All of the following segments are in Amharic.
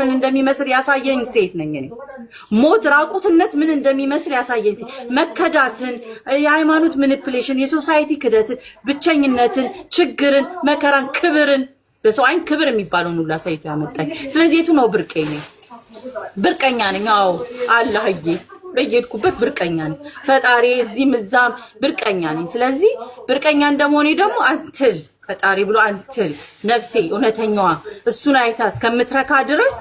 ምን እንደሚመስል ያሳየኝ ሴት ነኝ እኔ። ሞት ራቁትነት ምን እንደሚመስል ያሳየኝ ሴት መከዳትን፣ የሃይማኖት ማኒፕሌሽን፣ የሶሳይቲ ክደትን፣ ብቸኝነትን፣ ችግርን፣ መከራን፣ ክብርን በሰው አይን ክብር የሚባለውን ሁሉ አሳይቶ ያመጣኝ። ስለዚህ የቱ ነው ብርቄ? ብርቀኛ ነኝ። አዎ አላህዬ በየሄድኩበት ብርቀኛ ነኝ። ፈጣሪ እዚህም እዛም ብርቀኛ ነኝ። ስለዚህ ብርቀኛ እንደመሆኔ ደግሞ አንትል ፈጣሪ ብሎ አንትል ነፍሴ እውነተኛዋ እሱን አይታ እስከምትረካ ድረስ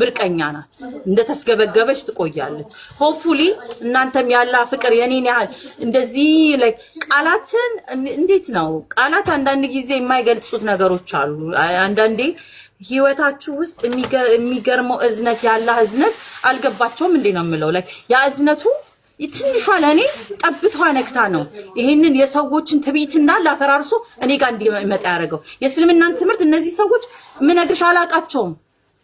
ብርቀኛ ናት። እንደተስገበገበች ትቆያለች። ሆፕፉሊ እናንተም ያላ ፍቅር የኔን ያህል እንደዚህ ቃላትን እንዴት ነው ቃላት አንዳንድ ጊዜ የማይገልጹት ነገሮች አሉ። አንዳንዴ ህይወታችሁ ውስጥ የሚገርመው እዝነት ያላ እዝነት አልገባቸውም እንዴ ነው የምለው ላይ ያ እዝነቱ ትንሿ ለእኔ ጠብቷ ነክታ ነው ይሄንን የሰዎችን ትዕቢትና ላፈራርሶ እኔ ጋር እንዲመጣ ያደረገው። የእስልምናን ትምህርት እነዚህ ሰዎች ምነግርሽ አላቃቸውም፣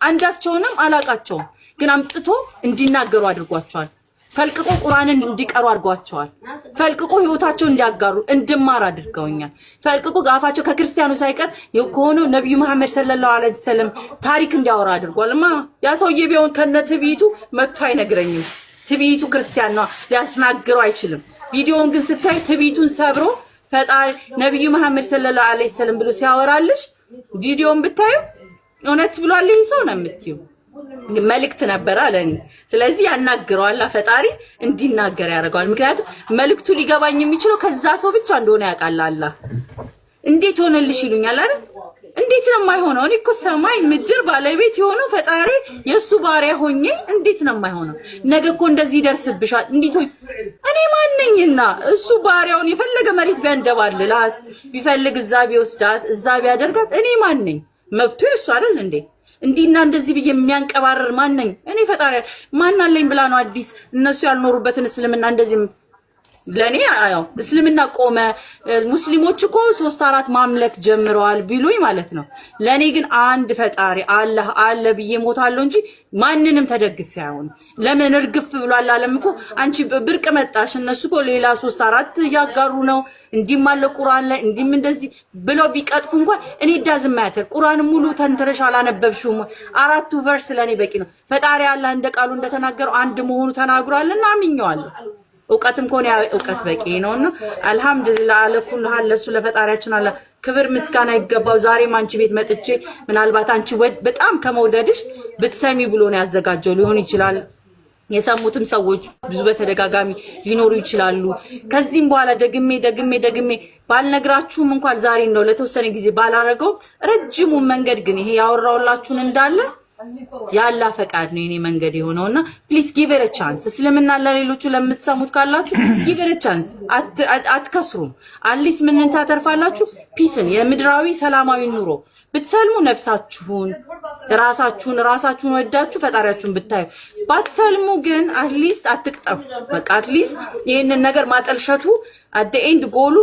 አንዳቸውንም አላቃቸውም፣ ግን አምጥቶ እንዲናገሩ አድርጓቸዋል። ፈልቅቆ ቁርአንን እንዲቀሩ አድርጓቸዋል። ፈልቅቆ ህይወታቸው እንዲያጋሩ እንድማር አድርገውኛል። ፈልቅቆ አፋቸው ከክርስቲያኑ ሳይቀር ከሆነው ነቢዩ መሐመድ ሰለላሁ ዐለይሂ ወሰለም ታሪክ እንዲያወራ አድርጓል። ማ ያ ሰውዬ ቢሆን ከነ ትዕቢቱ መጥቶ አይነግረኝም። ትቢቱ ክርስቲያን ነው፣ ሊያስናግረው አይችልም። ቪዲዮውን ግን ስታይ ትቢቱን ሰብሮ ፈጣሪ ነቢዩ መሐመድ ሰለላሁ ዐለይሂ ወሰለም ብሎ ሲያወራልሽ ቪዲዮውን ብታዩ እውነት ብሏል ይህ ሰው ነው የምትዩ መልእክት ነበር አለ ስለዚህ ያናግረዋል ፈጣሪ እንዲናገር ያደርገዋል። ምክንያቱም መልእክቱ ሊገባኝ የሚችለው ከዛ ሰው ብቻ እንደሆነ ያውቃል እንዴት ሆነልሽ ይሉኛል አይደል እንዴት ነው የማይሆነው? እኔ እኮ ሰማይ ምድር ባለቤት የሆነው ፈጣሪ የእሱ ባሪያ ሆኜ እንዴት ነው የማይሆነው? ነገ እኮ እንደዚህ ይደርስብሻል። እንዴት ሆይ እኔ ማንኝና እሱ ባሪያውን የፈለገ መሬት ቢያንደባልላት ቢፈልግ እዛ ቢወስዳት እዛ ቢያደርጋት እኔ ማንኝ? መብቱ የእሱ አይደል እንዴ? እንዲህና እንደዚህ ብዬ የሚያንቀባረር ማነኝ? እኔ ፈጣሪ ማናለኝ ብላ ነው አዲስ እነሱ ያልኖሩበትን እስልምና እንደዚህ ለእኔ ያው እስልምና ቆመ። ሙስሊሞች እኮ ሶስት አራት ማምለክ ጀምረዋል ቢሉኝ ማለት ነው። ለእኔ ግን አንድ ፈጣሪ አላህ አለ ብዬ ሞታለሁ እንጂ ማንንም ተደግፌ አይሆንም። ለምን እርግፍ ብሏል አለም እኮ አንቺ ብርቅ መጣሽ። እነሱ እኮ ሌላ ሶስት አራት እያጋሩ ነው። እንዲህም አለ ቁርአን ላይ እንዲህም እንደዚህ ብለው ቢቀጥፉ እንኳን እኔ ዳዝም ማያተር ቁርአን ሙሉ ተንትረሽ አላነበብሽውም። አራቱ ቨርስ ለእኔ በቂ ነው። ፈጣሪ አላህ እንደ ቃሉ እንደተናገረው አንድ መሆኑ ተናግሯልና አምኜዋለሁ። እውቀትም ከሆነ ያ እውቀት በቂ ነው አልሐምዱሊላህ አለ ኩል ሀል ለሱ ለፈጣሪያችን አለ ክብር ምስጋና ይገባው። ዛሬም አንቺ ቤት መጥቼ ምናልባት አንቺ በጣም ከመውደድሽ ብትሰሚ ብሎ ነው ያዘጋጀው ሊሆን ይችላል። የሰሙትም ሰዎች ብዙ በተደጋጋሚ ሊኖሩ ይችላሉ። ከዚህም በኋላ ደግሜ ደግሜ ደግሜ ባልነግራችሁም እንኳን ዛሬ እንደው ለተወሰነ ጊዜ ባላረገውም ረጅሙን መንገድ ግን ይሄ ያወራውላችሁን እንዳለ ያላ ፈቃድ ነው የኔ መንገድ የሆነው እና ፕሊስ ጊቨር ቻንስ። እስልምና ለሌሎቹ ለምትሰሙት ካላችሁ ጊቨር ቻንስ፣ አትከስሩም። አትሊስት ምን ታተርፋላችሁ? ፒስን፣ የምድራዊ ሰላማዊ ኑሮ ብትሰልሙ ነፍሳችሁን፣ ራሳችሁን ራሳችሁን ወዳችሁ ፈጣሪያችሁን ብታዩ። ባትሰልሙ ግን አትሊስት አትቅጠፉ። በቃ አትሊስት ይህንን ነገር ማጠልሸቱ አደ ኤንድ ጎሉ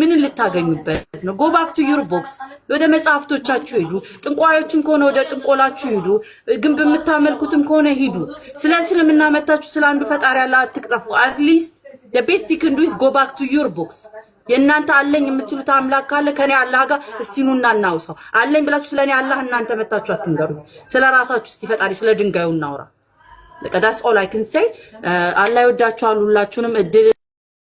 ምን ልታገኙበት ነው? ጎ ባክ ቱ ዩር ቦክስ፣ ወደ መጽሐፍቶቻችሁ ሄዱ ጥንቋዮችን ከሆነ ወደ ጥንቆላችሁ ሂዱ፣ ግን በምታመልኩትም ከሆነ ሂዱ። ስለ እስልምና መታችሁ ስለ አንዱ ፈጣሪ ያለ አትቅጠፉ። አትሊስት ደቤስቲ ክንዱስ ጎ ባክ ቱ ዩር ቦክስ የእናንተ አለኝ የምትሉት አምላክ ካለ ከኔ አላህ ጋር እስቲ ኑና እናውሰው። አለኝ ብላችሁ ስለ እኔ አላህ እናንተ መታችሁ አትንገሩ። ስለ ራሳችሁ እስቲ ፈጣሪ ስለ ድንጋዩ እናውራ። ቀዳስ ኦል አይ ክን ሴይ አላህ ይወዳችኋል ሁላችሁንም እድል